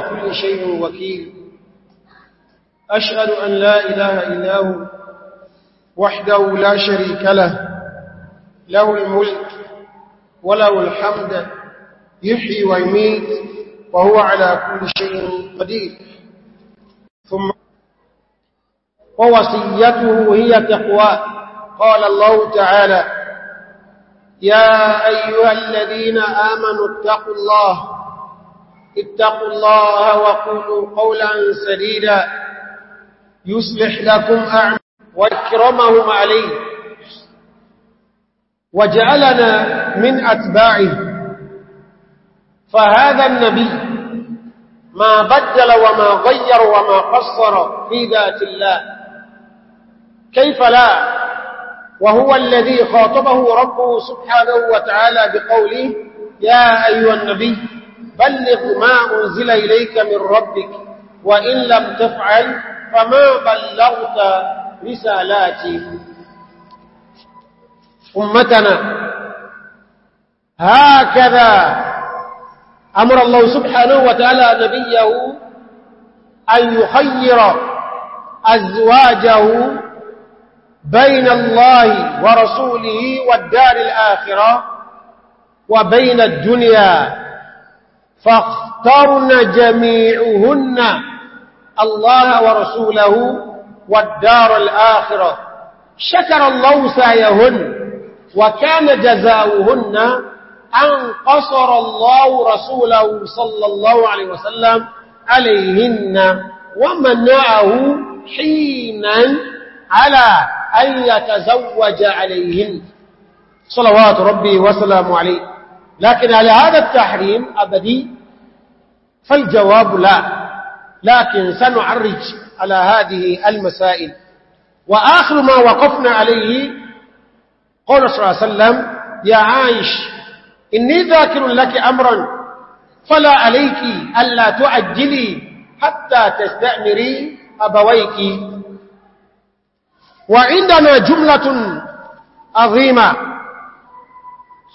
كل شيء وكيل أشهد أن لا إله إلا هو وحده لا شريك له له الملك وله الحمد يحيي ويميت وهو على كل شيء قدير ثم ووصيته هي تقوى قال الله تعالى يا أيها الذين آمنوا اتقوا الله اتقوا الله وقولوا قولا سديدا يصلح لكم أعمال واكرمهم عليه وجعلنا من أتباعه فهذا النبي ما بدل وما غير وما قصر في ذات الله كيف لا وهو الذي خاطبه ربه سبحانه وتعالى بقوله يا أيها النبي بلغ ما أنزل إليك من ربك وإن لم تفعل فما بلغت رسالاتي أمتنا هكذا أمر الله سبحانه وتعالى نبيه أن يخير أزواجه بين الله ورسوله والدار الآخرة وبين الدنيا فاخترن جميعهن الله ورسوله والدار الآخرة شكر الله سعيهن وكان جزاؤهن أن قصر الله رسوله صلى الله عليه وسلم عليهن ومنعه حينا على أن يتزوج عليهن صلوات ربي وسلام عليه لكن هل هذا التحريم أبدي فالجواب لا لكن سنعرج على هذه المسائل وآخر ما وقفنا عليه قول صلى الله عليه وسلم يا عائش إني ذاكر لك أمرا فلا عليك ألا تعجلي حتى تستأمري أبويك وعندنا جملة عظيمة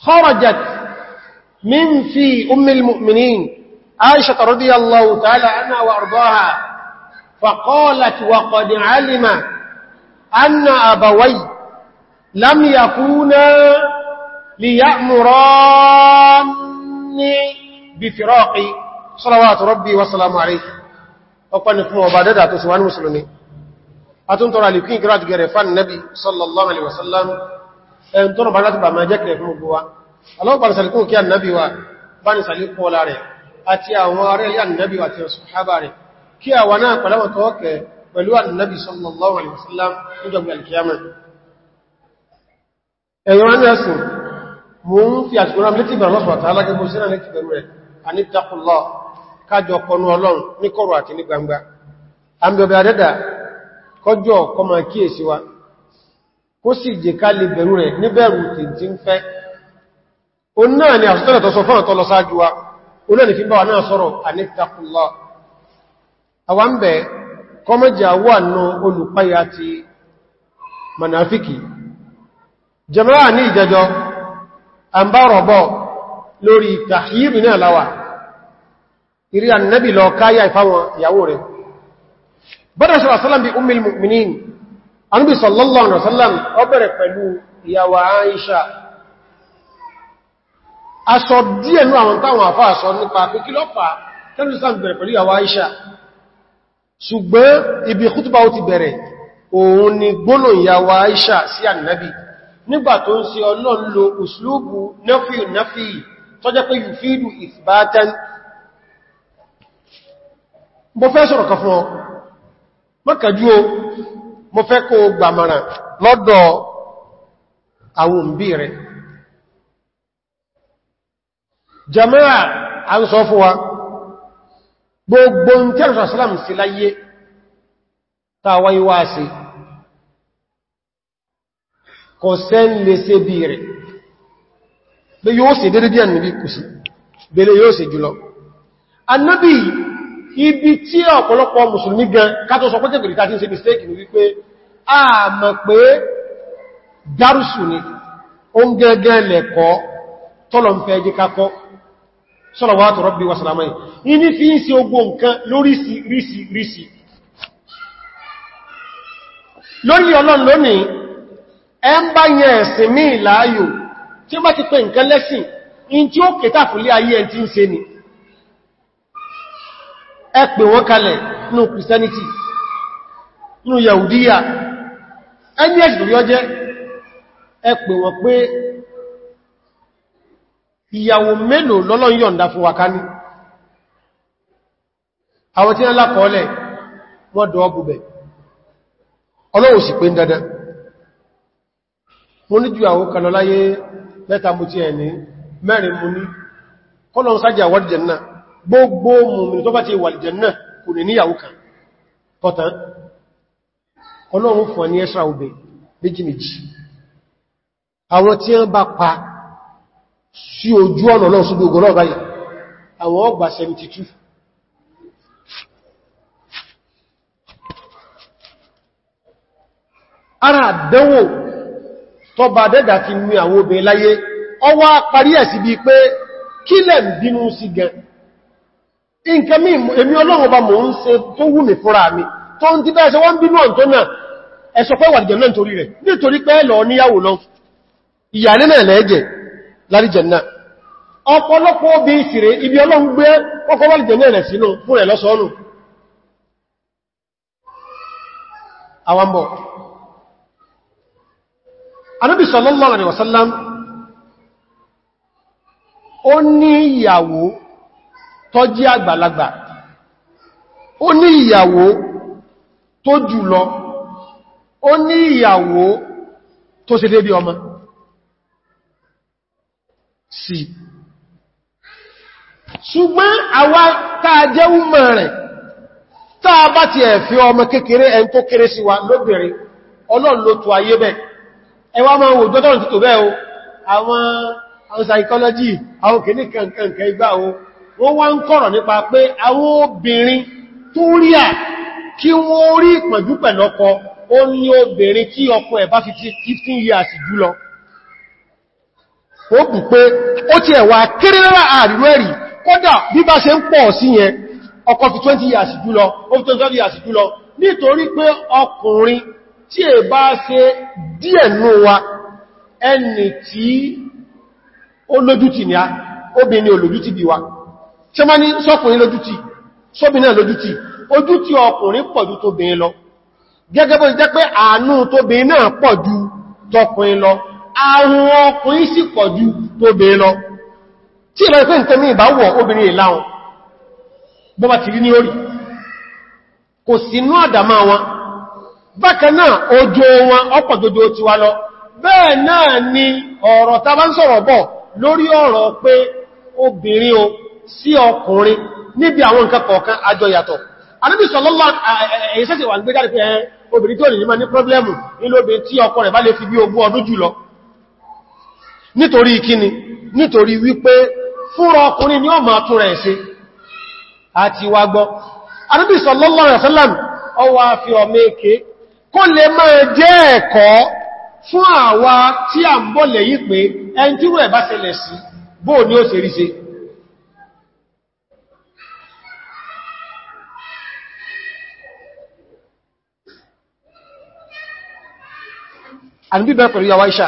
خرجت من في أم المؤمنين عائشة رضي الله تعالى عنها وأرضاها فقالت وقد علم أن أبوي لم يكونا ليأمراني بفراقي صلوات ربي وسلام عليه وقال نفهم وبعدها تسوان مسلمين أتون ترى لكين كرات غرفان النبي صلى الله عليه وسلم أنتون بنات بما جاك لكم بواه aláwọ̀pàá sàríkún kí annabiwa bá ní sàríkún ọlá rẹ̀ àti àwọn ará ilé annabiwa àti ọ̀sùnhábà rẹ̀ kí àwọn náà pẹ̀lẹ́wọ̀n tó ọkẹ̀ pẹ̀lú annabi sallallahu alaihi wasallam níjọba alkiyama ẹ̀yọ́ wọn ẹ̀sùn mú ń fi àtìkúnra létí bẹ̀rẹ̀ o náà ni àṣìtọ́nà tó sọ fún ọ̀tọ́lọ sáájú wa o náà ni fi bá wa náà sọ́rọ̀ anìtàkùnlá àwọn ń bẹ̀ kọmọ́jà wà nù olùpáyà ti manáfíkì jama'a ní ìjẹjọ́ àmbárọ̀bọ̀ lórí tàhíyìrì náà láwà ìrí annabi lọ káyà ìfáwọn ìyàwó rẹ̀ bọ́dọ̀ sọ́rọ̀ sọ́lọ́m bí ummil mu'minin anúbì sallallahu aṣọ díẹ̀ ní àwọn táwọn àfá aṣọ nípa pé kí lọ́pàá tẹ́lú sáà bẹ̀rẹ̀ pẹ̀lú àwọ Aisha ṣùgbọ́n ibi kútùbà ó ti bẹ̀rẹ̀ òun ni gbónà ìyàwó Aisha sí ànìyàbí nígbà tó ń ṣe Ọlọ́run lo uslubu nafiyu nafiyi tó jẹ́ pé yufidu ithbatan mo fẹ́ sọ̀rọ̀ kan fún ọ mọ́kànjú o mo fẹ́ kó jama'a a ń sọ fún wa gbogbo ń tẹ́rù sàṣílám sí láyé tàwà ìwá sí kò sẹ́n lè ṣe bí rẹ̀ bí yóò ṣe dédé bí ànìbí kù sí bèèrè yóò ṣe jùlọ annabi ibi tí ọ̀pọ̀lọpọ̀ mùsùlùmí gan kátó sọ pẹ́tẹ̀ kìrìtà tí mistake ní wípé a mọ̀ pé dárùsù ni ó ń gẹ́gẹ́ lẹ̀kọ́ tọ́lọ̀ ń fẹ́ jí sọ́lọ̀wàtò rọ́bí wàsàlámáì ní fi ń ṣe ogbò nǹkan lórí sí rísì rísì lórí ọlọ́n lónìí ẹ ń bá yẹn ẹ̀sìn mí ìlàáyò tí ó bá ti pẹ nǹkan lẹ́sìn in tí ó kẹta fúlé ayé ẹn tí ń ṣe ni ẹ pè wọ́n Christianity nínú Yahudiya ẹni ẹ̀sìn lórí ọjẹ́ ẹ pè wọ́n ìyàwó mélòó lọ́lọ́n yọ̀nda fún wakáni àwọn tí wọ́n lápọ̀ọ́lẹ̀ wọ́n dọ̀ ọgbùgbẹ̀ ọlọ́wọ̀ sì pé dandan mo ní ju àwọn kan lọ́láyé mẹ́ta mú ti ẹni mẹ́rin mú ní kọ́lọ̀n sájà wàlìjẹ̀nà gbogbo mùmí tó bá ti wàlìjẹ̀nà kò ní níyàwó kan tọ́tán ọlọ́run fún ọ ní ẹ́sra obè méjì àwọn tí wọ́n bá pa sí ojú ọ̀nà náà sódó ogun náà báyìí àwọn ọgbà 72 ara àdánwò tó bá dẹ́dà ti mú àwọn obìnrin láyé ọwá parí ẹ̀ sí bí pé kí lẹ̀ bínú sí gan nǹkan mí èmi ọlọ́run bá mọ̀ ń ṣe tó wù mí fúnra mi tó ń dípẹ́ ẹsẹ wọ́n bínú ọ̀tọ́ náà ẹ̀sọ̀pẹ́ wà jẹ̀ náà nítorí rẹ̀ nítorí pé lọ níyàwó lọ ìyà nínà lẹ́ẹ̀jẹ̀ lárí jẹ̀nà ọ̀pọ̀lọpọ̀ bí ìsìrè ibi ọlọ́run gbé ọkọ̀ wà jẹ̀nà rẹ̀ sínú fún ẹ̀ lọ́sọ́ọ̀nù àwambọ̀ Ànábì sallallahu alaihi wasallam ó ní ìyàwó tó jẹ́ àgbàlagbà ó ní tó ṣe débi ọmọ sí ṣùgbọ́n àwa tàà jẹ́ ọmọ rẹ̀ tàà bá ti ẹ̀fẹ́ ọmọ kékeré ẹn tó kéré sí wa lóbìnrin ọlọ́run ló tó ayé bẹ́ ẹwà máa wò jọ́dọ̀rùn títò bẹ́ o àwọn àwọn psychology àwọn kìíní kankankan igbá o wọ́n wá ń kọ̀rọ̀ nípa pé àwọn obìnrin tó rí à kí wọ́n rí ìpọ̀jú pẹ̀lọ́kọ ó ní obìnrin kí ọkọ ẹ̀ bá 15 years jùlọ ó bù pé ó ti ẹ̀wà kéré lára àríró ẹ̀rì kódà bí bá ṣe ń pọ̀ sí yẹn ọkọ̀ fi 20 years jùlọ ó fi 25 years jùlọ nítorí pé ọkùnrin tí è bá ṣe díẹ̀ nú wa ẹni tí ó lójútì ní a obìnrin olójútì bí wa ṣe má ní sọ́kùnrin lójútì sóbìnrin lójútì ojútì ọkùnrin pọ̀jú tó bìnrin lọ gẹ́gẹ́ bó ti jẹ́ pé àánú tó bìnrin náà pọ̀jú tọkùnrin lọ àwọn ọkùnrin sì pọ̀jú tó bèé lọ tí ìlọ ìpé nǹkan mí ìbá wọ̀ obìnrin ìláhùn bọ́ bá ti rí ní orí kò sínú àdàmà wọn bákan náà ojo wọn ọ̀pọ̀ dojo ti wá lọ bẹ́ẹ̀ náà ni ọ̀rọ̀ ta bá ń sọ̀rọ̀ bọ̀ lórí ọ̀rọ̀ pé obìnrin o sí ọkùnrin níbi àwọn nǹkan kọ̀ọ̀kan àjọ yàtọ̀ Ànábì sallallahu alaihi wasallam wà ń gbé obìnrin tó nìyí ma ní pọ́blẹ́mù nílò obìnrin tí ọkọ rẹ̀ bá lè fi bí ogún ọdún jù nítorí kíni nítorí wípé fúnra ọkùnrin ni ó máa tún rẹ̀ ṣe àti wá gbọ́ Ànábì sallallahu alaihi wasallam ó wá fi ọmọ èké kó lè máa jẹ́ ẹ̀kọ́ fún àwa tí a ń bọ̀ lẹ́yìn pé ẹni tí rẹ̀ pẹ̀lú yàwá iṣà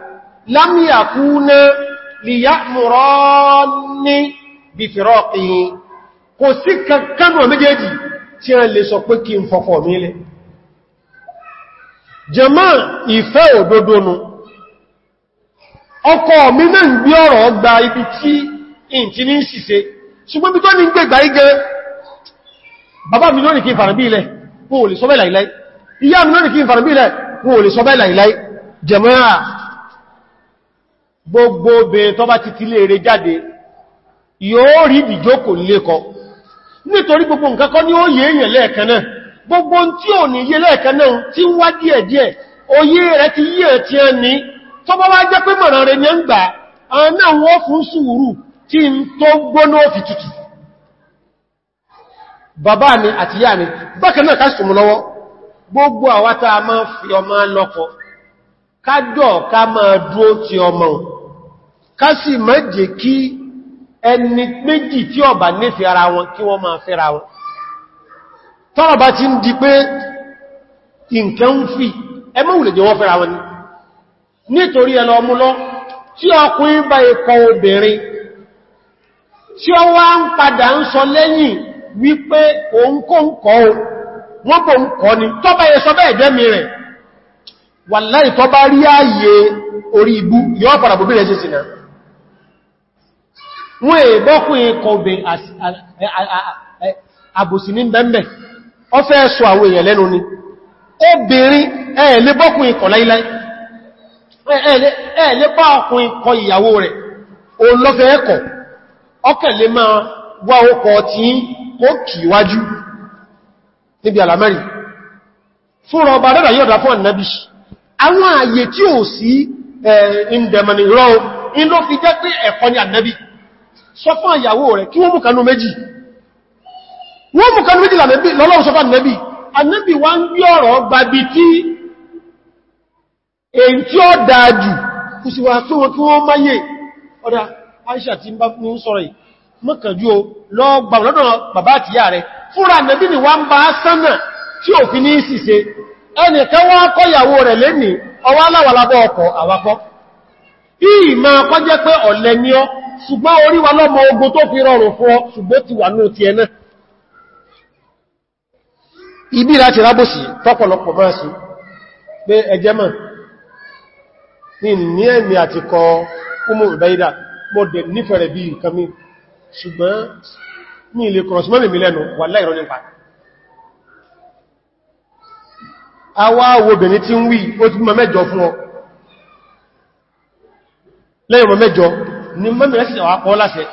لم يكون ليأمراني بفراقه kò sí kankan wọn méjèèjì tí a lè sọ pé kí n fọ́fọ́ mi lẹ jẹmọ́ ìfẹ́ òdodo nù ọkọ mi náà ń gbé ọ̀rọ̀ gba ibi tí ìntí ní ṣìṣe ṣùgbọ́n bí tó ní gbẹ̀gbà igẹ́ bàbá mi lónìí kí n fàràbí ilẹ̀ wọ́n ò lè sọ bẹ́ẹ̀ láìláì ìyá mi lónìí kí n fàràbí ilẹ̀ wọ́n ò lè sọ bẹ́ẹ̀ láìláì jẹmọ́ gbogbo obìnrin tó bá ti ti léèrè jáde yóò rí ìdìjókò lékọ nítorí gbogbo nǹkan kọ́ ní ó yé èèyàn lẹ́ẹ̀kan náà gbogbo tí ò ní yé lẹ́ẹ̀kan náà tí ń wá díẹ̀ díẹ̀ oyé rẹ̀ ti yé ẹ̀ tí ẹn ní tó bá wá jẹ́ pé mọ̀ràn rẹ̀ ní ń ń fi tutù bàbá ká sùmù ká máa dúó ti ọmọ kásì má jẹ́ kí ẹni méjì tí ó bá nífẹ̀ẹ́ ara wọn kí wọ́n máa fẹ́ra wọn tọ́rọ bá ti ń di pé nǹkan ń fi ẹmọ́ ìlẹ̀ jẹ́ wọ́n fẹ́ra wọn ni nítorí ẹlọ ọmú lọ tí ọkùnrin bá ikọ̀ obìnrin tí ó wá ń padà ń sọ lẹ́yìn wípé òǹkóǹkọ́ wọ́n ń kọ́ orí ibú yọ́ pàdàbòbí rẹ̀ sí sinà wọ́n èbọ́kùn ikọ̀ obìn àbòsí ní bẹ́m̀bẹ̀ ọ fẹ́ sọ àwọn èèyàn lẹ́nu ni obìnrin ẹ̀ẹ̀lẹ́ bọ́kùn ikọ̀ láíláí ẹ̀ẹ̀lẹ́ bá ọkùn ikọ̀ ìyàwó rẹ̀ olófẹ́ ẹ̀kọ̀ ọkẹ̀lẹ́ máa wá ọkọ̀ tí ó kìíwájú níbi alamari fún ọba dára yọ́dá fún annabi àwọn ààyè tí ò sí ẹ̀ẹ́ ìndẹ̀mọ̀nì rọ́ in ló fi jẹ́ pé ẹ̀kọ́ ni annabi sọ fún àyàwó rẹ̀ kí wọ́n mú kanú méjì wọ́n mú kanú méjì lọ́lọ́run sọ fún ànẹ́bì ànẹ́bì wá ń gbí ọ̀rọ̀ gbàbí tí èyí tí ó dáájù kú sí wà tó kí wọ́n máyé ọ̀dá Aisha ti ń sọ̀rọ̀ yìí mọ́kànjú o lọ gbàmọ̀lọ́dọ̀ bàbá àti ìyá rẹ̀ fúnra ànẹ́bì ni wá ń bá sánà tí ò fi ní ìsìse ẹnìkan wá kọ́yàwó rẹ̀ lẹ́nìí ọwá aláwàlábọ́ ọkọ̀ àwakọ́ ìmọ̀ kọjẹ́ pé ọ́ ṣùgbọ́n orí wa lọ́mọ ogun tó fi rọrùn fún ọ ṣùgbọ́n ti wà ní òtí ẹ̀nà ibi láti rábòsì tọ́pọ̀lọpọ̀ máa sí pé ẹjẹ́mọ̀ ní ẹ̀mí àti kọ ọmọ ìbáyídà mọ́dẹ̀ nífẹ̀ẹ́ bí nǹkan mi ṣùgbọ́n ní ilé kọ̀rọ̀ símọ́ mẹ́mí lẹ́nu wà láìrọ nípa awá obìnrin tí ń wí ó lẹ́yìn mọ́ mẹ́jọ ni mọ́mí rẹ̀ sì wà pọ́ láṣẹ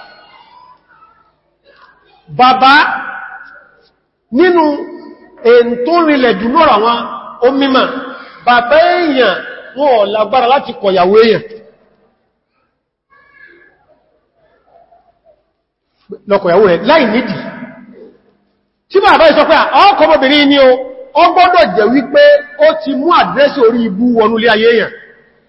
bàbá nínú èyí tó rinlẹ̀ jù lọ́rọ̀ àwọn omímà bàbá èèyàn wọ́n lágbára láti kọ̀yàwó èèyàn lọ́kọ̀yàwó rẹ̀ láì nídìí tí bàbá ìsọ pé ọkọ̀mọbìnrin ni ó gbọ́dọ̀ jẹ́ wípé ó ti mú àdírẹ́sì orí ibú wọnú ayé èèyàn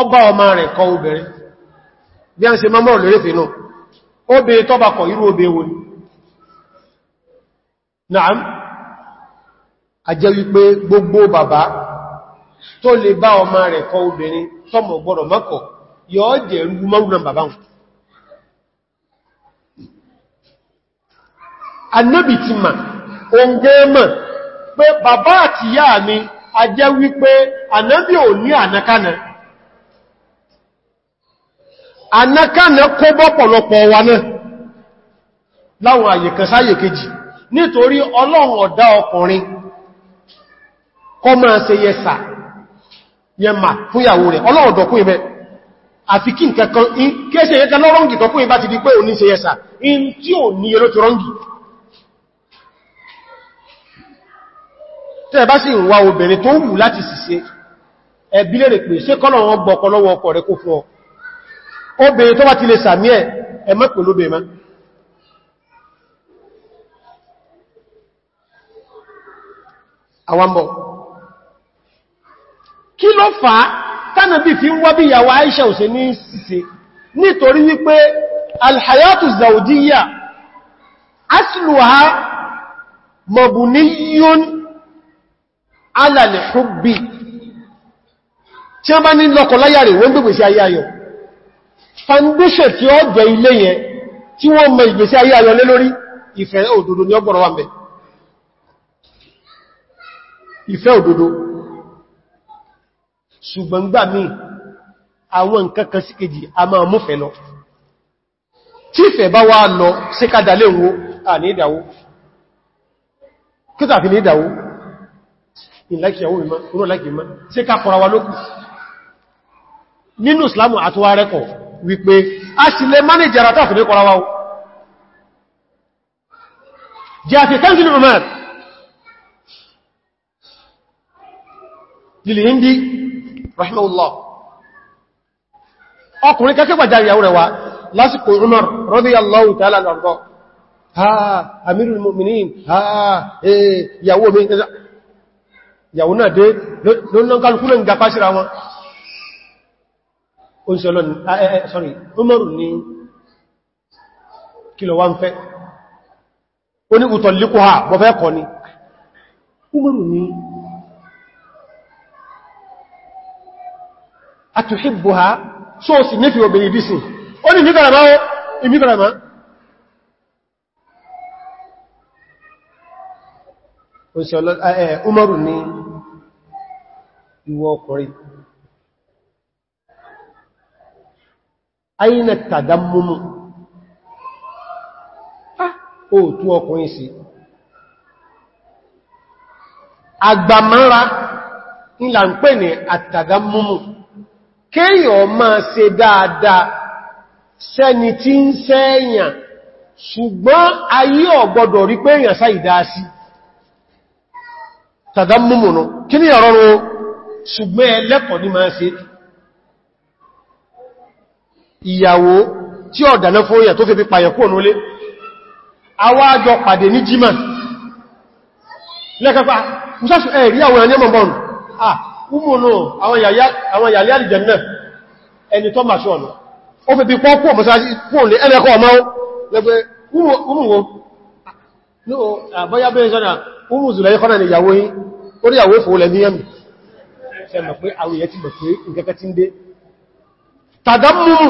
ọba ọmọ rẹ̀ kọ obìnrin bí a ń ṣe mọ́mọ́ lórí fínú obìnrin tọ́bà kọ̀ irú obìnrin wo ni náà a jẹ́ wípé gbogbo bàbá tó lè bá ọmọ rẹ̀ kọ obìnrin tọmọ gbọ́dọ̀ mọ́kọ̀ yóò jẹ́ pé bàbá àti ìyá mi a jẹ́ wípé anákànà kó bọ́pọ̀lọpọ̀ wa náà láwọn àyè kan sáyè kejì nítorí ọlọ́run ọ̀dá ọkùnrin kọ máa ṣe yẹsà yẹmà fún ìyàwó rẹ̀ ọlọ́run ọ̀dọ̀kún ibẹ̀ àfi kí kéèṣe lọ́rọ̀ngì tọ́kún ibá ti di pé òní ṣe in tí ò ní yẹ ti rọ́ngì bá sì ń obìnrin tó wù láti ọkọ rẹ̀ kó fún obìnrin tó bá ti lè sàmí ẹ̀ ẹmọ́ pẹ̀lú obìnrin ma àwambọ̀ kí ló fà á tánàbí fi ń wábí ìyàwó Aisha ò se ní síse nítorí wípé alhayatu zaudiyya asluha mabuniyun ala tí a bá ní lọ́kọ̀láyà rẹ̀ wọ́n gbogbo sí ayé ayọ̀ foundation tí ó jẹ ilé yẹn tí wọ́n mọ ìgbésí ayé ayọ̀lé lórí ìfẹ́ òdodo ni ọgbọ̀rọ̀ wà mẹ́ ìfẹ́ òdodo ṣùgbọ́n gbà mí àwọn nǹkan kan sí kejì a máa múfẹ́ lọ tí ìfẹ́ bá wá lọ sí kádà léwo à ní ìdàwó kíta fi ní ìdàwó ìlàkìyàwó ìmá nínú ìsìlámù àtúwárẹ́kọ̀ọ́ wípé a sì lè mánìjì ara tàfù ní kọ́ra wá jàfẹ́ káńsìlì Umar lílì hindi rahimahullah ọkùnrin kẹ́kẹ́ gbàjárí àwọn rẹwà lásìkò Umar radiyallahu ta'ala anhu ha amirul mu'minin ha eh oúnṣẹ́ ọlọ́ni sorry umaru ni kí lọ wá ń fẹ́ ó ní ìtọ̀ líkú ha bọ́ fẹ́ kọ́ ni umaru ni a tó hìbò ha só sì nífì obìnrin bí sí ó ní ìmìkàràmá ó ìmìkàràmá oúnṣẹ́ ọlọ́ni umaru ni ìwọ ọkùnrin aina tàdámúmù ó tún ọkùnrin sí àgbàmára ìlà ń pè ní àtàdámúmù kéèyàn máa ṣe dáadáa sẹ́ni tí ń sẹ́yàn ṣùgbọ́n ayé ọ̀gbọ́dọ̀ rí pé èyàn sáì dáa sí tàdámúmù nù kí ní ọ̀rọ̀rọ̀ ṣùgbọ́n ẹlẹ́kọ̀ọ́ ní máa ṣe ìyàwó tí ó dáná fún òyà tó fi pípa yẹ̀kú ònúlé awájọ pàdé ní jímọ̀ lẹ́kàpá musasu ẹ̀rí àwọn ẹni ọmọ bọ́ọ̀nù ah umùnù àwọn yàlẹ́ àlìjẹ̀ náà ẹni tó máa ṣọ́ọ̀nà ó fi bí pọ́pọ̀ mọ́sájí fún lè ẹlẹ́kọ́ ọmọ lẹ́gbẹ́ umùwò ní àbáyá ah, bẹ́ẹ̀ sọ́nà umù zùlẹ̀ kọ́nà ni ìyàwó yìí orí àwọ́ ìfòwò tàdámùmù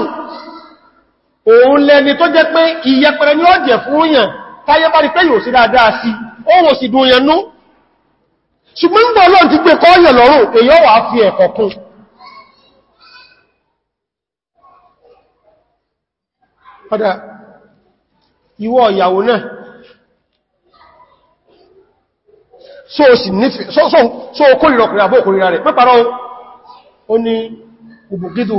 òun lẹni tó jẹ́ pé ìyẹpẹrẹ ní ọjẹ̀ fún òyàn táyé bá rí pé yóò sí dáadáa sí oòrùn sì dùn òyàn nú ṣùgbọ́n ń bọ̀ lọ́n ti pé kọ́ọ̀yẹ̀ lọ́rùn èyàn wà fi ẹ̀kọ̀ kún padà ìwọ ìyàwó náà so kórìrọkùnrin àbókùnrin rẹ̀ pẹ́pàá ó ní òbùkídù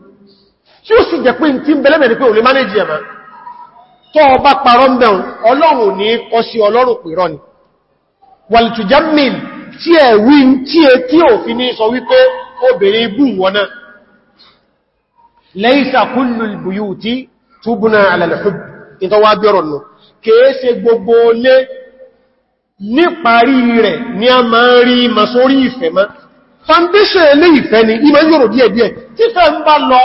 tí ó sì jẹ́ pé tí ń bẹ̀lẹ́mẹ̀ ní pé ò lè mánéjì ẹ̀mà tó ọba parọ́ ń bẹ̀rún ọlọ́run ní kọ́ sí ọlọ́run pèrọ ni wàlìtùjámìn tí ẹ̀ wí tí ẹ tí ò fi ní sọ wípé obìnrin ibú wọná laysa ìfẹ́ ni ìmọ̀ yóò díẹ̀díẹ̀ tí fẹ́ ń bá lọ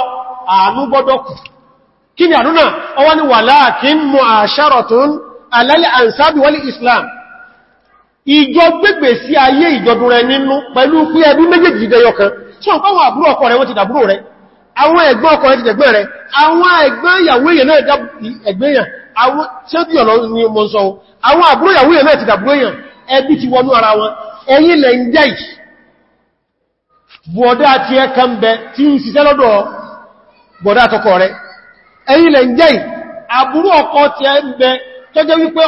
àánú gbọ́dọ̀ kù kí ni àánú náà ọwá ni walakin mu'asharatun alẹ́lẹ́ ansabi wal islam ìjọ gbẹ́gbẹ̀ sí ayé ìjọdún rẹ nínú pẹ̀lú pí ẹbí méjèèjì dẹyọkan tí wọ́n pàwọn àbúrò ọkọ rẹ wọ́n ti dàbúrò rẹ àwọn ẹ̀gbọ́n ọkọ rẹ ti dẹ̀gbọ́n rẹ àwọn ẹ̀gbọ́n ìyàwó èèyàn náà ẹ̀gbẹ́ èèyàn àwọn tí ó dìyàn lọ ní ẹ̀yìn lẹ́ jẹ́ ì bọ̀dá ti ẹ bẹ tí ń ṣiṣẹ́ lọ́dọ̀ bọ̀dá àtọkọ rẹ̀ ẹ̀yìn lẹ̀ ń jẹ́ ì àbúrò ọkọ ti ẹ ń bẹ tó jẹ́ wípé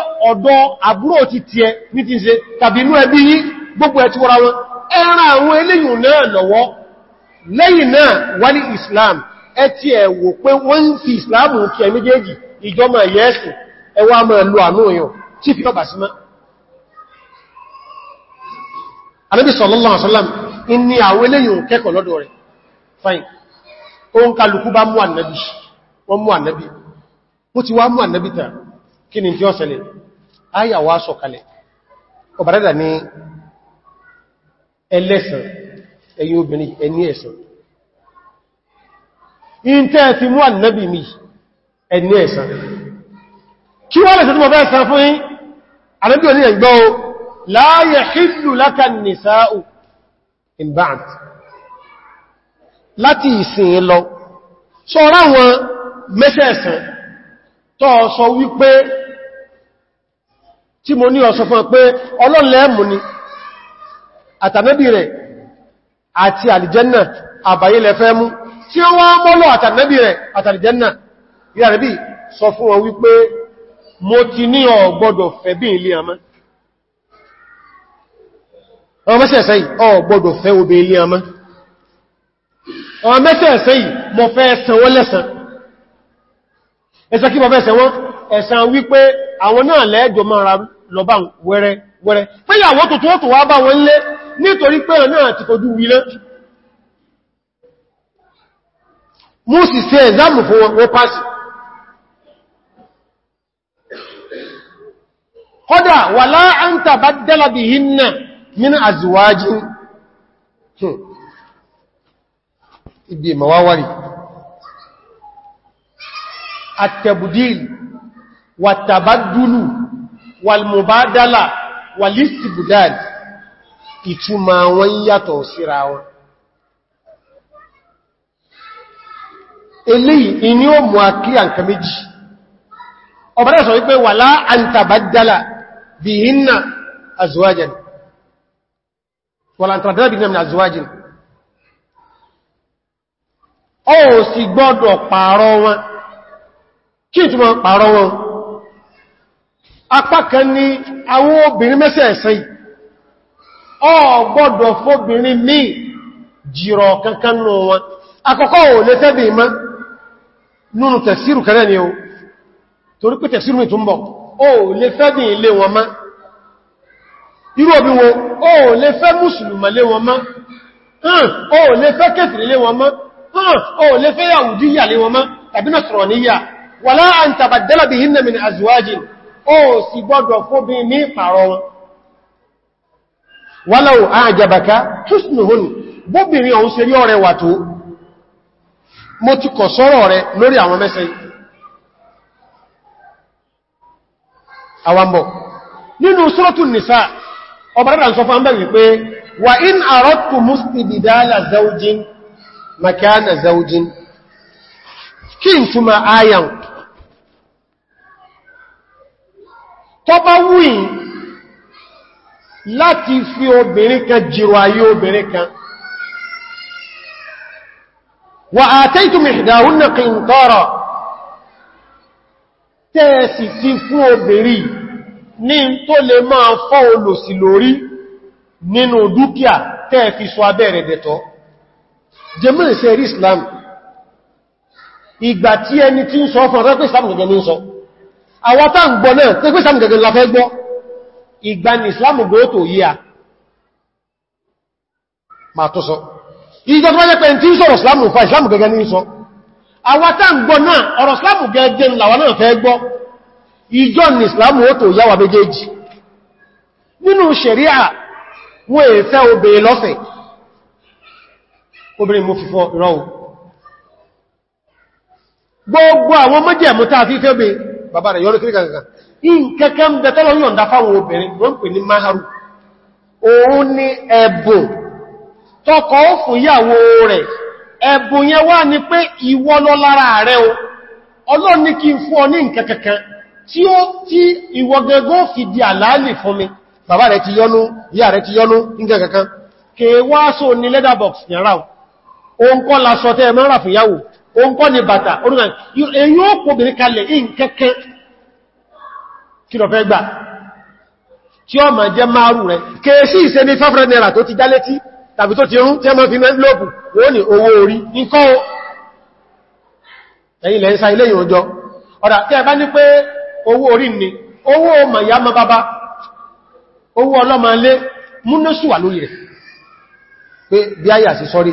ọ̀dọ̀ ti ti ẹ ní ti tàbí inú ẹbí yí gbogbo ẹ̀ wọ́ra wọn ẹran àwọn lọ́wọ́ lẹ́yìn náà Islam àwọn eléyìn kẹ́kọ̀ọ́ lọ́dọ̀ rẹ̀ ó ń kálukú bá mú ànẹ́bí wọ́n mú ànẹ́bí ó ti wá mú ànẹ́bí tàn kí ni tí ó ṣẹlẹ̀ áyà wá sọ̀kalẹ̀ ọbàdàdà ni ẹlẹ́sàn ẹ̀yin obìnrin ẹni ẹ̀sàn ìntẹ́ ti mú ànẹ́bí mi ẹni ẹ̀sàn kí wọ́n lè ṣe tí bẹ́ẹ̀ sàn fún yín ànẹ́bí òní ẹ̀gbọ́ la yahillu laka nisa'u láti ìsìn lọ sọ ráwọn mẹ́sẹ̀ẹ̀sàn tó sọ wípé tí mo ní ọ̀sọ̀ fún pé ọlọ́lẹ́mù ni àtànẹ́bì rẹ̀ àti àlìjẹ́nà àbáyé lẹ́fẹ́ mú tí ó wọ́n mọ́lọ̀ àtànẹ́bì rẹ̀ àtàlìjẹ́nà ìyàrẹ̀bì sọ fún wọn wípé mo ti ní ọ gbọ́dọ̀ fẹ́ bí ilé àmá ọmọ mẹ́sẹ̀ẹ̀sẹ́ ọ gbọ́dọ̀ fẹ́ obè ilé àmá àwọn mẹ́sẹ̀ẹ̀sẹ̀ yìí mọ̀ fẹ́ ẹ̀sàn wọ́n lẹ́sàn ẹ̀sàn kí mọ̀ fẹ́ ẹ̀sàn wọ́n ẹ̀sàn wípé àwọn náà lẹ́ẹ̀jọ mara lọ́bá wẹ́rẹ́ wẹ́rẹ́ fẹ́yàwó tó tó wá bá wọn lé nítorí pé náà ti kojú wílé mú sì ṣe ẹ̀zámù fún wọn pàṣì kódà wà láàá ń tàbá dẹ́làbì hinna min azwajin hmm ibi ìmọ̀wáwárí àtẹ̀bùdíl wàtàbádúlù wàlmùbádálà wàlìsìbùdáàl ìtumà wọn yàtọ̀ síra wọn eléyìí iní ó mú àkíyà nǹkan méjì ọ̀bẹ̀rẹ̀ sọ wípé wà láà àntàbádálà bí hinna azwájẹ̀ wà láà àntàbádálà bí ó sì gbọ́dọ̀ pààrọ̀ wọn kí ìtumọ̀ pààrọ̀ wọn apá kan àwọn obìnrin mẹ́sẹ̀ ẹ̀sẹ̀ ó gbọ́dọ̀ fóbìnrin míì jìrọ̀ kankan nù wọn àkọ́kọ́ ò lè tẹ́bì ìmọ́ nínú tẹ̀sírù kẹrẹ ni o torí pé tẹ̀sírù mi tún bọ̀ ó lè fẹ́bì ilé wọn mọ́ irú obi wọn ó lè fẹ́ mùsùlùmọ̀ lé wọn mọ́ ó lè fẹ́ kẹfìrí lé wọn mọ́ ó lè fẹ́ yàwùdíyà lé wọn mọ́ tàbí nàṣọ̀rọ̀níyà wà láàrín tàbàdẹ́lá bí hinna min azwajin ó sì gbọ́dọ̀ fóbi ní pààrọ̀ wọn wálọ́wù àjàbàká husnuhun bóbìnrin ọ̀hún ṣe rí ọ̀rẹ́ wà tó mo ti kọ̀ sọ́rọ̀ rẹ lórí àwọn mẹ́sẹ̀ àwàmọ̀ nínú suratul nisa ọba rẹ̀ sọ fún àmbẹ̀ wípé wà in àrọ́tù mustibidala zaujin makana zaujin kí n túnmà áyàn tó bá wùí láti fi obìnrin kan jìrò ayé obìnrin kan wà àtẹ́tù mìhìdáhùn na kìntọ́rọ̀ tẹ́ẹ̀sì sí fún obìnrin ní tó lè máa fọ́ olòsì lórí nínú dúkìá tẹ́ẹ̀ fi sọ abẹ́rẹ̀ dẹ̀tọ́ jẹmọ́ ìṣẹ́ rí islam ìgbà tí ẹni tí ń sọ fún ọ̀rẹ́ pé islam gẹ̀gẹ̀ ní sọ àwọ́ta ń gbọ́ náà pé islam gẹ̀gẹ̀ la fẹ́ gbọ́ ìgbà ni islam gbọ́ tó yí a ma tó sọ ìjọ tó wáyé pé tí ń sọ islam fa islam gẹ̀gẹ̀ ní sọ àwọ́ta ń gbọ́ náà ọ̀rọ̀ islam gẹ̀gẹ̀ làwà náà fẹ́ gbọ́ ìjọ ni islam ó tó yá wa méjèèjì nínú ṣẹ̀ríà wọ́n èfẹ́ obè lọ́fẹ̀ẹ́ obìnrin mú fífọ́ ìrọ̀wò gbogbo àwọn mọ́jẹ̀mú tàà fi fẹ́ bẹ bàbá rẹ̀ yọ́rọ̀ kíríkà kankan ìkẹ́kẹ́ ń bẹ tọ́lọ yọ̀nda fáwọn obìnrin wọ́n pè ní maharu òun ni ẹ̀bùn tọkọ ó fún ìyàwó rẹ̀ ẹ̀bùn yẹn wá ní pé ìwọ lọ rẹ̀ o Ọlọ́run ní nke ti ti òun kọ́ la sọ tẹ́ mẹ́rà fìyàwó òun kọ́ ni bàtà orúkà èyí ó kò kalẹ̀ in kẹ́kẹ́ kí lọ fẹ́ gbà tí ó ma jẹ márù rẹ̀ kèèsí ìṣẹ́ ní fáfẹ́ náírà tó ti já létí tàbí tó ti rún tí a owó orí ni owó ma bàbá owó ọlọ́mà lé múnásùwà lórí rẹ̀ pé bí áyà sí sọ́rí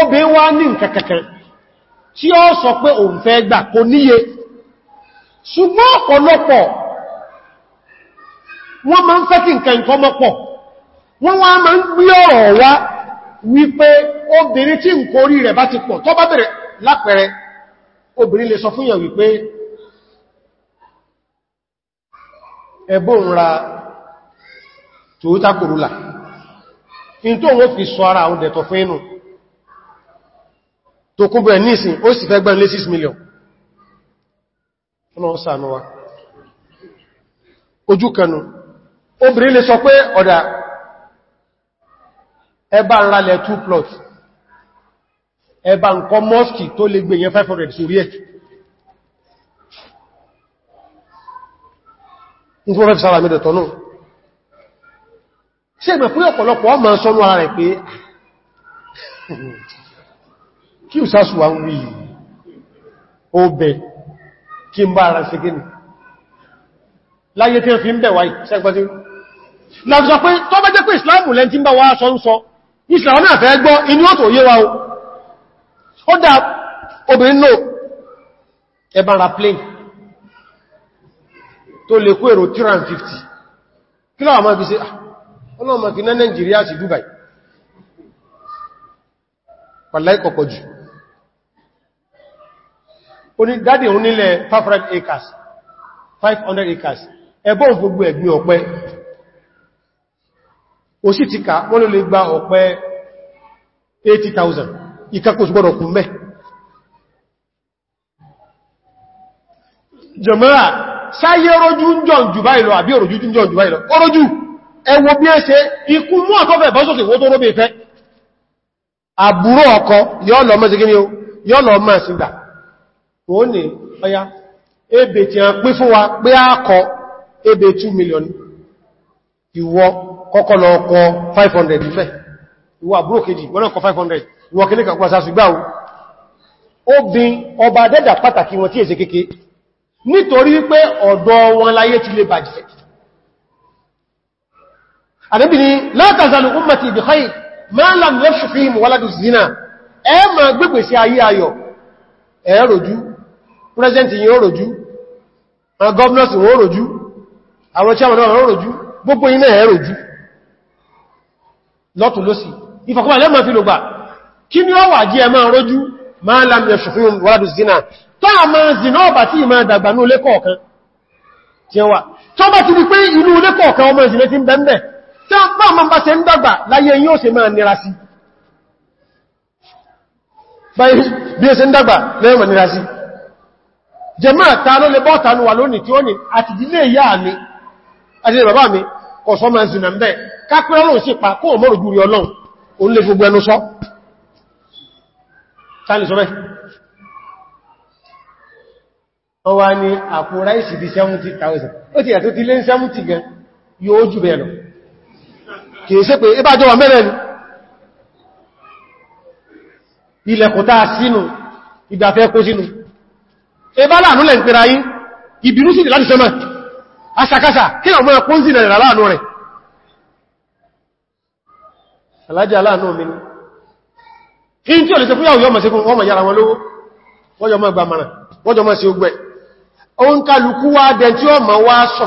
obìnrin ni ní nkẹ̀kẹ̀kẹ̀ tí ó sọ pé n fe gba ko níye ṣùgbọ́n ọ̀pọ̀lọpọ̀ wọ́n ma n fẹ́ kí nkẹ̀ nǹkan mọ́pọ̀ wọ́n wá máa ń gbé tí nǹkan orí bá ti sọ fún wipe ń ra in tó wọ́n fi sọ ara àwọn tó kún bẹ̀rẹ̀ nísìn ó sì fẹ́ gbẹ́ lé 6 million ọlọ́run ṣàánú wa ojú kanu obìnrin lè sọ pé ọ̀dà ẹbá ń rálẹ̀ 2 plots ẹbá nǹkan mọ́sùkì tó lè gbẹ̀yẹn 500 sórí ẹ̀ ní tí wọ́n fẹ́ fi sára mẹ́dẹ̀ tọ́nù ṣe ìgbẹ̀ fún ọ̀pọ̀lọpọ̀ ọmọ sọ́nú ara rẹ̀ pé kí ò sásùwà ń wí ó bẹ kí ń bá ara ṣe gẹ́nì láyé tí ó fi ń bẹ̀ wáyé sẹ́gbọ́dé lọ́sọ pé tó bẹ́jẹ́ pé ìsìláàmù lẹ́n tí ń bá wá sọ ń sọ ìsìláàmù náà fẹ́ gbọ́ inú ọ̀tọ̀ yé wa ó dá obìnrin náà ẹbára plane tó lè kó èrò 350 kí lọ́wọ́ máa ah, jù oní dáde òun nílẹ̀ 500 acres 500 gbogbo ẹ̀gbìn ọ̀pẹ ó sì ti ká wọ́n ló lè gba 80,000 ike gbọ́dọ̀ kù mẹ́ jọmọ́ra sáyé ọrọ̀jú ń jọ jù báyìí lọ àbí ọrọ̀jú ń jọ jù báyìí lọ ọrọ̀jú ẹwọ bí ẹ ṣe ikú mú wó tó wọ́n ní ọya ebè tí a pín fún wa pé a kọ ebè 2 million ìwọ kọ́kọ́ lọ kọ 500 ìfẹ́ ìwọ àbúrò kejì wọ́n náà kọ 500 ìwọ kìníkà kọ́ sásùgbà obìn ọba dẹ́dà pàtàkì wọn tí èsẹ kéèké nítorí wípé ọ̀dọ̀ wọn láyé ti lè bàjẹ́ àdébì ni látàzàlù ummati bi khayr ma lam yafshu zina ẹ ma gbégbèsí ayé ayọ̀ pírẹsẹ̀ntì yìí ó ròjú àwọn gọ́ọ̀nọ́sì wọ́n ròjú àwọn chairman wọ́n ròjú gbogbo iná ẹ̀ ròjú lọ́tùlọ́sì ìfọ̀kúnmà lẹ́mọ̀ fi lògbà kí ni ó wà jí ẹ máa rójú máa lam yashfun wàládù zina tó a máa zina ọba tí ìmá dàgbà ní olé kọ̀ọ̀kan tí wà tó bí ó ṣe ń dàgbà lẹ́yìn mọ̀ sí jẹmọ́ ta ló lè bọ́ta ní wà lónìí tí ó ní àti ìdílé ìyá mi àti ilé bàbá mi ọ̀sọ́ ma ń zìnà ń bẹ́ kápẹ́ ọlọ́run sí pa kó mọ́rù gúrí ọlọ́run o lè gbogbo ẹnu sọ tàbí sọ bẹ́ wọ́n wá ní jù bẹ́ẹ̀ lọ kìí ṣe sínú ìgbàfẹ́ kó sínú ebe àmúlẹ̀ ń pèrà yí ìbínú sí láti sọmọ́ asàkásà kí ọmọ ẹkùn sí nàìjíríà láàánú rẹ̀ alájá láàánú mi ní kí tí ó lè ṣe fún yàwó yọmọ̀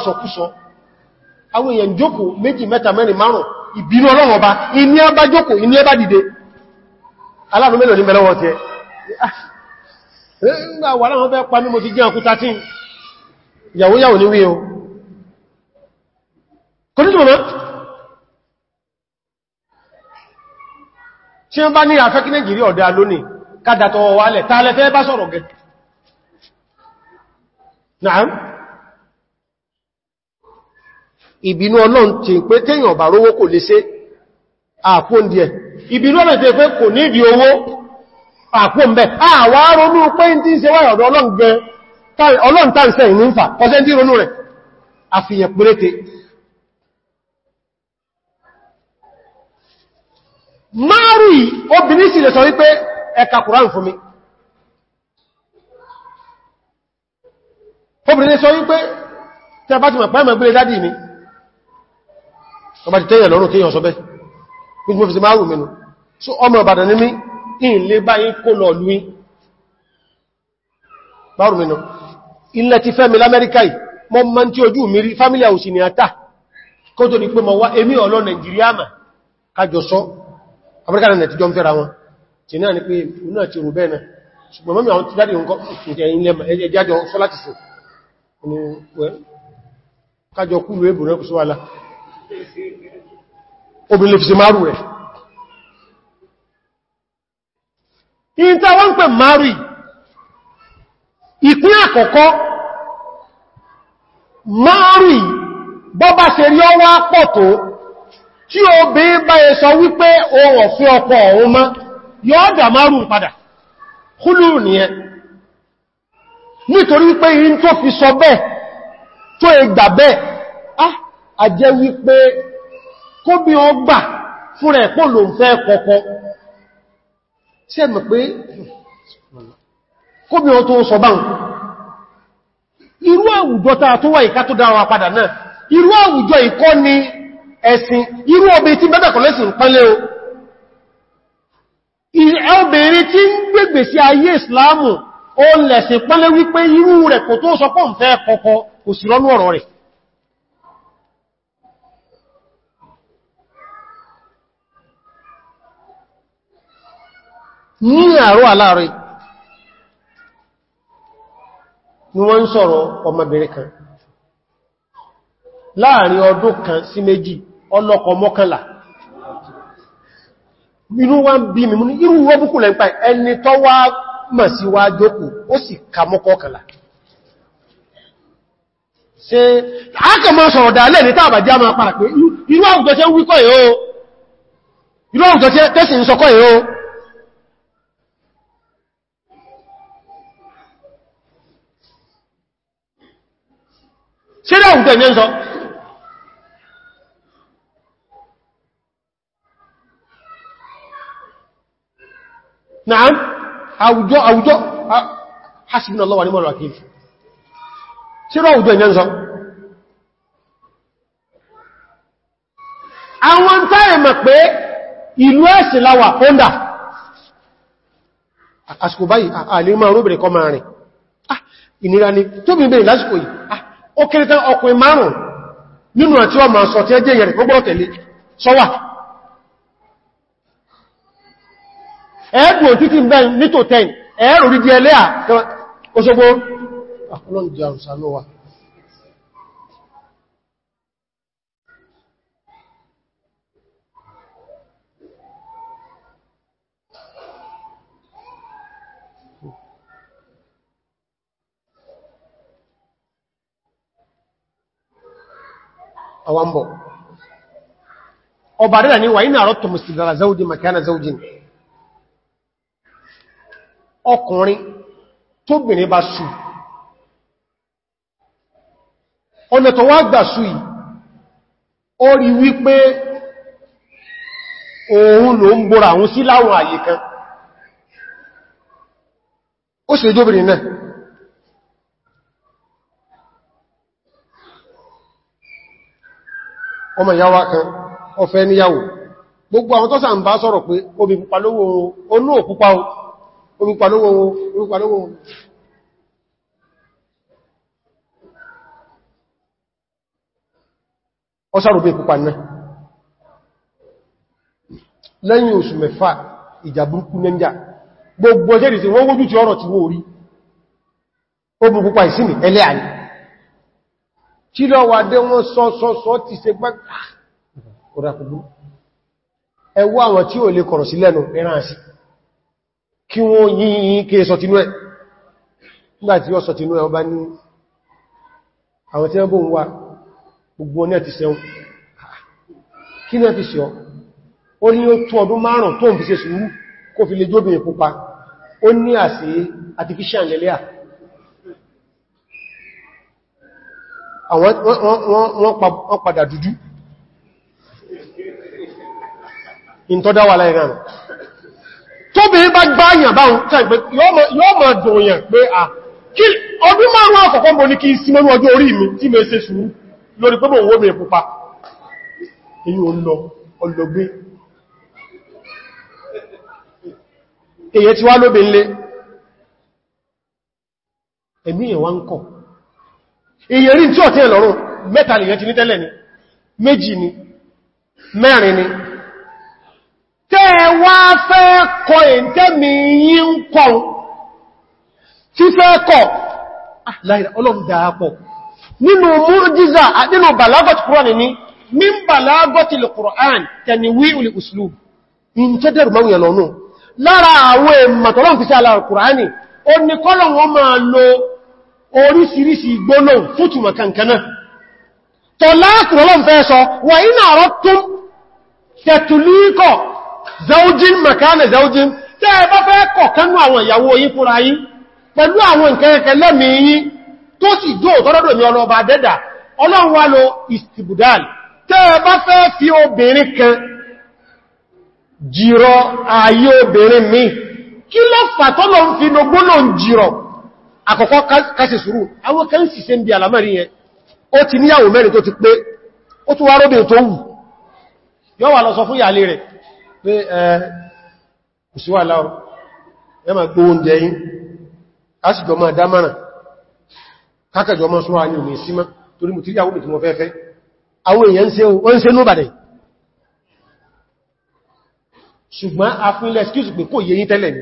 ọmọ àwọn èèyàn jókò méjì mẹ́ta mẹ́rin márùn ìbínú ọba ẹbá jókò ẹbá dìde ní nígbà wà láwọn fẹ́ pa mí mo ti jẹ́ ọkú 13 ìyàwó o kò ní tùmọ̀ná tí wọ́n bá ní àfẹ́ kí Nàìjíríà ọ̀dá lónìí kádàtọ̀ wálẹ̀ tààlẹ̀ fẹ́ bá sọ̀rọ̀ gẹ̀ Naam ìbínú Ọlọ́run tí pé téèyàn bá rówó kò lè ṣe àpóndìẹ̀ ìbínú Ọlọ́run tí pé kò ní owó àpò mẹ́ àwà ronú pé tí ń ṣe wáyà ọ̀dọ̀ ọlọ́n tàn sẹ́ ìní ń fà kọsẹ́ tí ronú rẹ̀ àfihàn péréte márù obìnrin sì lè sọ wípé ẹka kùrán fún mi obìnrin sọ wípé tí a bá ti mọ̀ pẹ́ mẹ́gbẹ́lẹ́ dádì mi ọba ti tẹ́yẹ̀ lọ́rùn kí èèyàn sọ bẹ́ in lè báyìí kó lọ lúí bárùn mìnà ilẹ̀ ti fẹ́mi l'Amẹ́ríkà yìí mọ́ mọ́ tí ojú mi rí family house ni àtà kó tó ní pé mọ́ wá èmi ọ̀lọ́ Nàìjíríà mà kájọ sọ Amẹ́ríkà náà tìjọ ń fẹ́ra wọn tí náà ni pé náà ti rò bẹ́ẹ̀ náà ṣùgbọ́n mọ́mí àwọn ti jáde nǹkan ìjẹ́jọ́ sọ láti sọ kájọ kúrò èbò náà kù ìta wọ́n pẹ̀ márùn ìpín àkọ́kọ́ márùn bọ́bá ṣe rí ọwá pọ̀ tó tí o bí bá yẹ sọ wípé ohun ọ̀fẹ́ ọkọ̀ ọ̀hún mọ́ yóò dà márùn padà kúlù nìyẹn nítorí wípé tó fi sọ bẹ́ẹ̀ tó ẹgbà e bẹ́ẹ̀ ah, a àjẹ́ wípé kóbi ọgbà fún ẹ̀pọ̀ lòun fẹ́ kọ̀kọ́ sí ẹ̀mọ̀ pé kó bí ọ tó sọ báhùn irú àwùjọ tàà tó wà ìká tó dára padà náà irú àwùjọ ìkọ́ ni ẹ̀sìn irú ọbẹ̀ tí bẹ́bẹ̀kọ̀ lẹ́sìn pẹ́lẹ́ o obìnrin tí ń gbègbè sí ayé o lẹ̀sìn pẹ́lẹ́ wípé irú rẹ̀ kò tó sọ ń fẹ́ kò sí ní àárọ̀ aláàrẹ ni wọ́n ń sọ̀rọ̀ ọmọbìnrin kan láàrin ọdún kan sí méjì ọnọkọ mọ́kànlá inú wọ́n bí iru ní irú wọ́bùkù lẹ́ńpá ẹni tó wá mọ̀ sí wá jókù ó sì ka mọ́kànlá ṣe sọ̀rọ̀ ní pàrà pé ṣe dáhùn tẹ̀ ní ń sọ náà àwùjọ àwùjọ hasibin allawa ní mọ́rọ̀ àkíyèsí ṣe rọ àwùjọ ìyẹn sọ àwọn táìmà pé ìlú ẹ̀sìn láwà pọ́ndà àsìkò báyìí àlè máa rúbìnrin kọ máa rìn ah, ìnira ni tó bí bèèrè lásìkò yìí ah, ó kéré tán ọkùnrin márùn-ún nínú àti ọmọ sọ tí ẹjẹ́ ìyẹ̀rẹ̀ gbogbo tẹ̀lé sọ́wà ẹ̀ẹ́dùn títí bẹ́ nítò 10 ẹ̀ẹ́rù rí di ẹlẹ́à Òṣogbo ọwá ń bọ̀ ọba rẹ̀ ni wà ní àrọ́tọ̀ mùsùlùmí zaúdí makana zaúdí ọkùnrin tó gbìnrin bá ṣù ọ̀nà tó wá gbà ṣù yìí ó rí wípé òun ló ń gbọ́ra àwọn sí láwọn àyíkan ó sì ọmọ ìyáwá kan ọfẹ́ níyàwó gbogbo àwọn tọ́sà ń bá sọ̀rọ̀ pé omi pupa lówó o òpupa omi pupa lówó omi pupa náà lẹ́yìn oṣù mẹ́fà ìjà nẹ́njà gbogbo ọjẹ́ ìrìsì wọ́n wójú ti ọ̀rọ̀ ti kí lọ wà dé wọn sọ́sọ́sọ́ ti ṣe gbágbà ọ̀dàkùgbò ah, ẹwọ́ àwọn tí ò lè kọ̀rọ̀ sí lẹ́nu ẹ̀ránsì kí wọ́n yínyìn kí sọtínú ẹ̀ nígbàtí ó sọtínú ẹ̀ ọba ní àwọn tí wọ́n bó ń wá gbogbo ní ẹ̀tì sẹ́un kí ní ẹ̀tì ó ní ó tó ọdún márùn-ún tó ń fi ṣe sùúrù kó fi lè jóbìnrin pupa ó ní àṣẹ artificial lẹ́lẹ́à Ah, wọ́n padà dúdú in tọ́dá wà láì rán tó bí bá gbáyàn bá ń tẹ́ pé yọ́ mọ̀ dùnyàn pé à kí ọdún máa wọ́n ọ̀kọ̀kọ́ mọ́ ní kí sí mọ́nú ọjọ́ orí mi tí mẹ́ ṣe sùúrù lórí pé mọ̀ owó mẹ́ pupa èyí ọlọ ọlọgbé èyẹ ti wá lóbi nlé ẹ̀mí ẹ̀wà ń kọ̀ èyàn tí ó tí ẹ̀ lọ́rùn mẹ́ta lèyàn ti ní tẹ́lẹ̀ ni méjì ni mẹ́rin ni tẹ́ fẹ́ kọ ìntẹ́mi yí ń kọ ah, tí fẹ́ kọ ọlọ́mdàápọ̀ nínú múrjíza nínú balagot kúrọ̀nì ni balagot il ní orísìírísìí gbóná fútùmọ̀ kankaná tọ́láàkùn ọlọ́n fẹ́ sọ wà iná rọ́tún tẹ̀tùlíkọ̀ zaújín makana zaújín tẹ́ ẹ bá fẹ́ kọ̀kánú àwọn ìyàwó yí fúnra yí pẹ̀lú àwọn nkẹ́kẹ́ lẹ́mìí tó sì jó tọ́lọ́dọ̀ ní ọlọ́ba dẹ́dà istibudal tẹ́ ẹ bá fẹ́ fi obìnrin kan jìrọ ayé obìnrin mi kí jìrọ̀ àkọ́kọ́ kásì sùúrù àwọn kan sì se ń bí alamari yẹn ó ti níyàwó mẹ́rin tó ti pé ó tún wá róbìn tó wù yọ́ wà lọ sọ fún ìyàlé rẹ̀ pé ẹ̀ẹ́sùwà láwọ́ ẹ ma gbó oúnjẹ yìí kásìjọ ṣùgbọ́n a fún ilẹ̀ excuse pé kò yẹ tẹ́lẹ̀ ni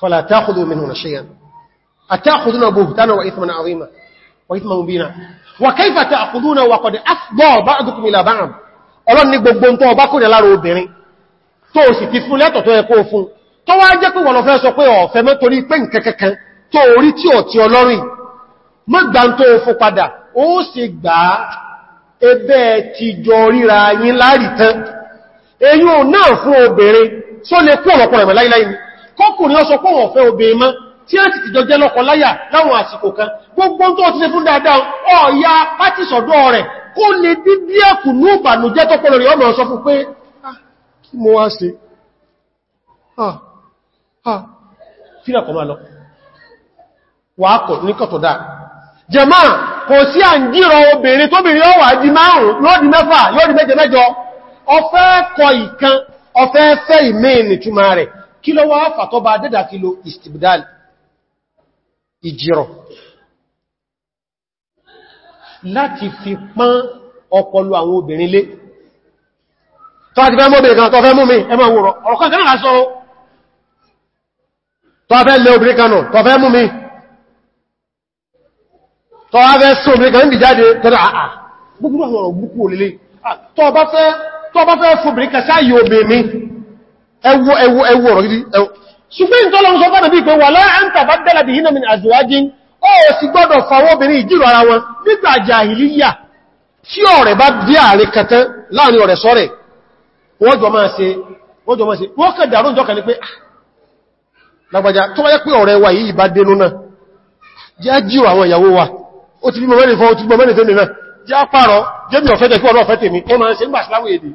فلا تأخذوا منهن شيئا أتأخذون بهتانا وإثما عظيما وإثما مبينا وكيف تأخذون وقد أفضى بعضكم إلى بعض ọlọ́run ní gbogbo tó ọba kò ní lára obìnrin tó sì ti fún lẹ́tọ̀ tó ẹkọ́ fún tó wá jẹ́ pé wọ́n fẹ́ sọ pé ọ̀fẹ́ mẹ́ torí pé nkẹ́kẹ́kẹ́ tó orí tí ọ̀tí ọlọ́rin mọ́gbà tó fún padà ó sì gbà ẹbẹ́ ti jọ ríra yín láàrítán èyí náà fún obìnrin tó lè kú ọ̀rọ̀kùnrin láíláí kọkùnrin ó sọ pé wọ́n fẹ́ obìnrin mọ́ tí a ti tìjọ jẹ́ lọ́kọ láyà láwọn àsìkò kan gbogbo tó ti ṣe fún dáadáa ọ̀ya pátì sọ̀dọ̀ rẹ̀ kó lè dídí ẹ̀kù ní ìbànújẹ́ tó pọ̀lọ̀ rẹ̀ ọmọ sọ fún pé ah, kí mo wá ṣe ah, ah. fílẹ̀kọ̀ máa lọ wà kọ̀ ní kọ̀tọ̀dá jẹ̀má kò sí à ń gírọ obìnrin tóbìnrin ọwà di márùn yóò di mẹ́fà yóò di mẹ́jẹ mẹ́jọ ọfẹ́ kọ ìkan ọfẹ́ fẹ́ ìmẹ́ ìnìtúmà rẹ̀ kí lọ wá fàtọ́ bá dẹ́dà kí lo istibdal ìjìrọ̀ láti fi pán ọpọlọ àwọn obìnrin lé tó àti fẹ́ mú obìnrin kan tó fẹ́ mú mi ẹmọ òwúrọ̀ ọ̀kan kan lásọ tó fẹ́ lé obìnrin kan náà tó fẹ́ mú mi tó fẹ́ sí obìnrin kan níbi jáde tó ah, ah, ah, bá fẹ́ fóbìnrin kan sáyé obìnrin ẹwọ ẹwọ ẹwọ ọ̀rọ̀ gidi ẹwọ ṣùgbọ́n tó lọ sọ fánà bí pé wà láàrín tàbá dẹ́là bí hínà min àzúwájín ó sì gbọ́dọ̀ fàwọ́ obìnrin ìjírò ara wọn nígbà jàhìlíyà tí ọ̀rẹ́ bá dí ààrẹ kẹtẹ láàrin ọ̀rẹ́ sọ́rẹ̀ wọ́n jọ máa ṣe wọ́n kẹ dàrún jọ kẹni pé ah, lágbàjá tó wáyé pé ọ̀rẹ́ wa yìí bá dé lónà jẹ́ jíò àwọn ìyàwó wa ó ti bí mọ́ mẹ́rin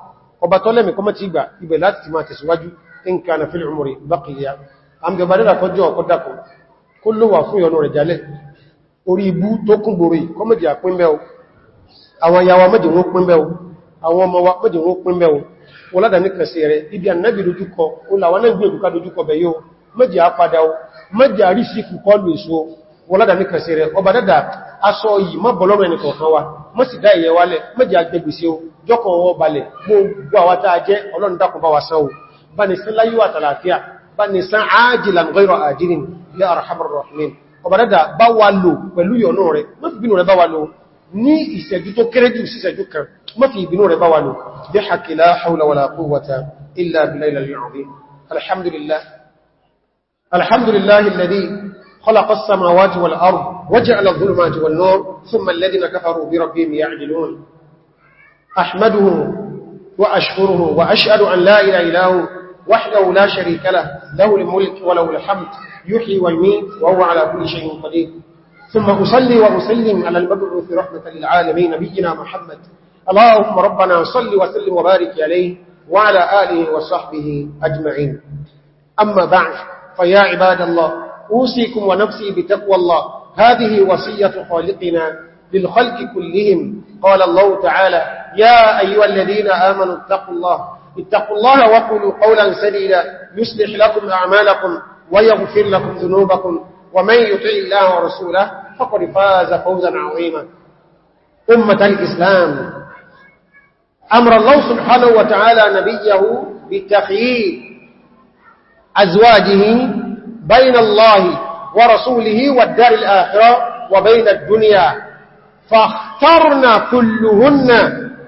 ọba tọ́lẹ̀mì kọmọ̀ ti gbà ibẹ̀ láti ti máa tẹ̀síwájú in ka na fil umri baqiya àmìgbàbàdìlà kọjọ́ ọkọ̀ dákọ̀ kó ló wà fún ìyọnu rẹ̀ jalẹ̀ orí ibú tó kún gbòrò kọmọ̀dì àpínbẹ̀wò àwọn ayawa méjì wọ́n pínbẹ̀wò àwọn ọmọ wa méjì wọ́n pínbẹ̀wò wọ́n ládà ní kẹsì rẹ̀ ibi ànábì wọ́ládà ní kẹsẹ̀ rẹ̀ ọba dẹ́dà aṣọ yìí mọ́ bọ̀lọ́rọ̀ ẹni kọ̀ọ̀kan wa mọ́ sì dá ìyẹn wálẹ̀ mẹ́jì agbègbèsí o jọ́kọ̀ ọwọ́ balẹ̀ gbogbo àwa tá a jẹ́ Ọlọ́run dákun bá wa san o bá ní san láyé wa tàlàáfíà bá ní san ájìlan gọ́ìrọ̀ àjírin ya arhamar rahimin ọba dẹ́dà bá wa lò pẹ̀lú yọ̀nú rẹ̀ mọ́ fi bínú rẹ̀ bá wa خلق السماوات والأرض وجعل الظلمات والنور ثم الذين كفروا بربهم يعدلون أحمده وأشكره وأشهد أن لا إله إله وحده لا شريك له له الملك وله الحمد يحيي ويميت وهو على كل شيء قدير ثم أصلي وأسلم على المبعوث رحمة للعالمين نبينا محمد اللهم ربنا صل وسلم وبارك عليه وعلى آله وصحبه أجمعين أما بعد فيا عباد الله أوصيكم ونفسي بتقوى الله هذه وصية خالقنا للخلق كلهم قال الله تعالى يا أيها الذين آمنوا اتقوا الله اتقوا الله وقلوا قولا سليلا يصلح لكم أعمالكم ويغفر لكم ذنوبكم ومن يطع الله ورسوله فقر فاز فوزا عظيما أمة الإسلام أمر الله سبحانه وتعالى نبيه بالتخيير أزواجه بين الله ورسوله والدار الآخرة وبين الدنيا فاخترنا كلهن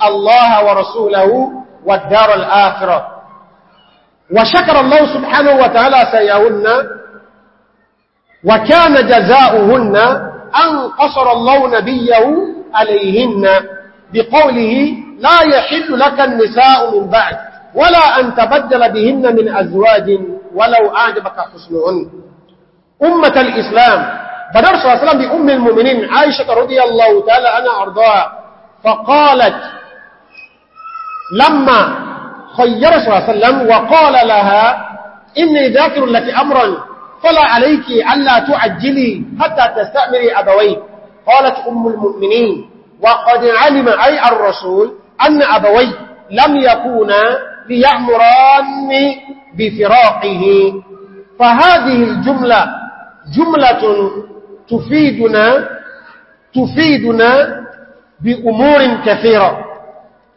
الله ورسوله والدار الآخرة وشكر الله سبحانه وتعالى سيهن وكان جزاؤهن أن قصر الله نبيه عليهن بقوله لا يحل لك النساء من بعد ولا أن تبدل بهن من أزواج ولو أعجبك حسنهن أمة الإسلام بدر صلى الله عليه وسلم بأم المؤمنين عائشة رضي الله تعالى أنا أرضاها فقالت لما خير صلى الله عليه وسلم وقال لها إني ذاكر لك أمرا فلا عليك ألا تعجلي حتى تستأمري أبويك قالت أم المؤمنين وقد علم أي الرسول أن أبوي لم يكونا ليأمراني بفراقه فهذه الجملة جملة تفيدنا تفيدنا بأمور كثيرة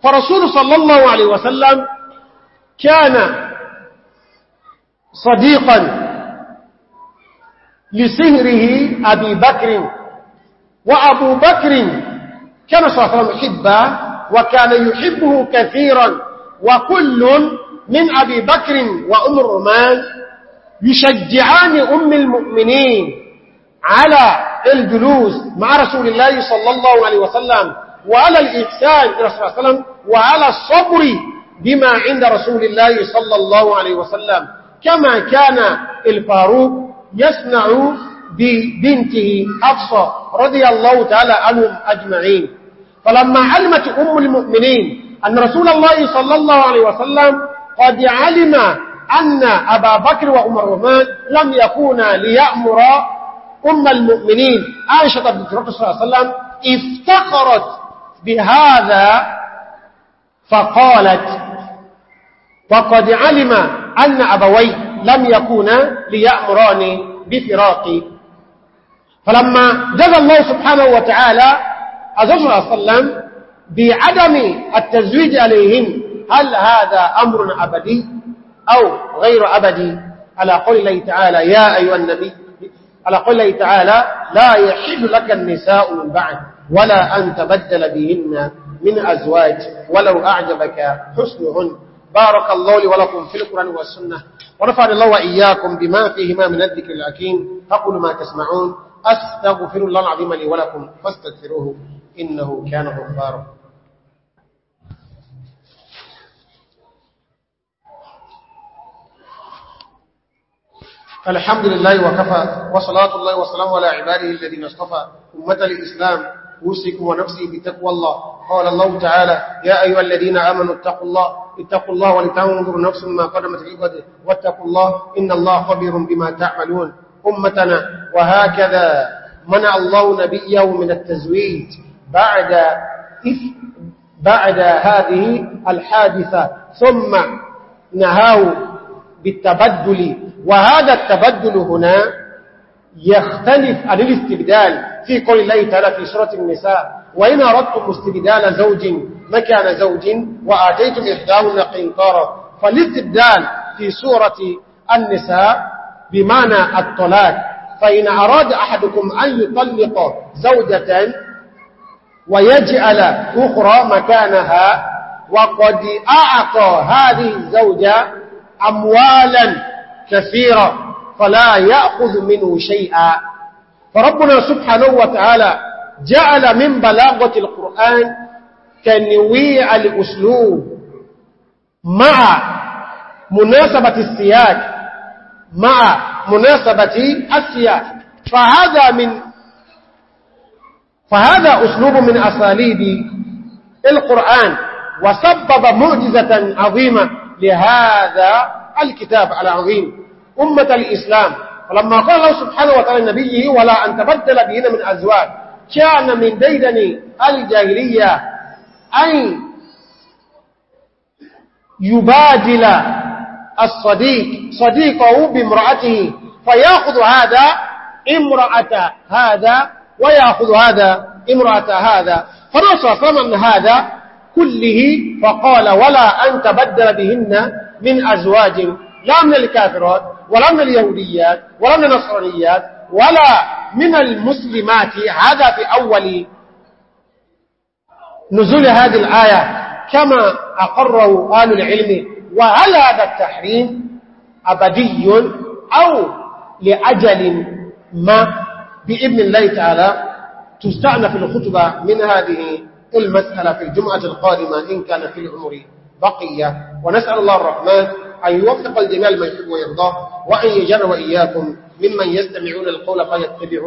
فرسول صلى الله عليه وسلم كان صديقا لسهره أبي بكر وأبو بكر كان صلى الله عليه وسلم حبا وكان يحبه كثيرا وكل من أبي بكر وأم الرمان يشجعان أم المؤمنين على الجلوس مع رسول الله صلى الله عليه وسلم وعلى الإحسان إلى رسول الله عليه وسلم وعلى الصبر بما عند رسول الله صلى الله عليه وسلم كما كان الفاروق يصنع ببنته أفصى رضي الله تعالى عنهم أجمعين فلما علمت أم المؤمنين أن رسول الله صلى الله عليه وسلم قد علم أن أبا بكر وأمر رمان لم يكونا ليأمر أم المؤمنين عائشة بنت رسول الله صلى الله عليه وسلم افتقرت بهذا فقالت وقد علم أن أبوي لم يكونا ليأمراني بفراقي فلما جزى الله سبحانه وتعالى أزوجه صلى الله عليه وسلم بعدم التزويج عليهم هل هذا أمر أبدي أو غير أبدي على قول الله تعالى يا أيها النبي على قول الله تعالى لا يحب لك النساء من بعد ولا أن تبدل بهن من أزواج ولو أعجبك حسنهن بارك الله لي ولكم في القرآن والسنة ونفعل الله وإياكم بما فيهما من الذكر الأكيم فقل ما تسمعون أستغفر الله العظيم لي ولكم فاستغفروه إنه كان غفارا الحمد لله وكفى وصلاة الله وسلامه على عباده الذين اصطفى أمة الإسلام أوسكم ونفسي بتقوى الله قال الله تعالى يا أيها الذين آمنوا اتقوا الله اتقوا الله ولتنظر نفس ما قدمت لغده واتقوا الله إن الله خبير بما تعملون أمتنا وهكذا منع الله نبيه من التزويج بعد بعد هذه الحادثة ثم نهاه بالتبدل وهذا التبدل هنا يختلف عن الاستبدال في قول الله تعالى في سورة النساء وإن أردتم استبدال زوج مكان زوج وآتيتم إحداهن قنطارا فالاستبدال في سورة النساء بمعنى الطلاق فإن أراد أحدكم أن يطلق زوجة ويجعل أخرى مكانها وقد أعطى هذه الزوجة أموالا كثيرا فلا يأخذ منه شيئا فربنا سبحانه وتعالى جعل من بلاغة القرآن تنويع الأسلوب مع مناسبة السياج مع مناسبة السياج فهذا من فهذا أسلوب من أساليب القرآن وسبب معجزة عظيمة لهذا الكتاب العظيم أمة الإسلام فلما قال الله سبحانه وتعالى لنبيه ولا أن تبدل بهن من أزواج كان من ديدن الجاهلية أن يبادل الصديق صديقه بامرأته فيأخذ هذا امرأة هذا ويأخذ هذا امرأة هذا فنصى ثمن هذا كله فقال ولا أن تبدل بهن من أزواج لا من الكافرات ولا من اليهوديات ولا من النصرانيات ولا من المسلمات هذا في أول نزول هذه الآية كما أقره آل العلم وهل هذا التحريم أبدي أو لأجل ما بإذن الله تعالى في الخطبة من هذه المسألة في الجمعة القادمة إن كان في العمر بقية ونسأل الله الرحمن أن يوفق الجميع لما يحب ويرضاه وأن يجر وإياكم ممن يستمعون القول فيتبعون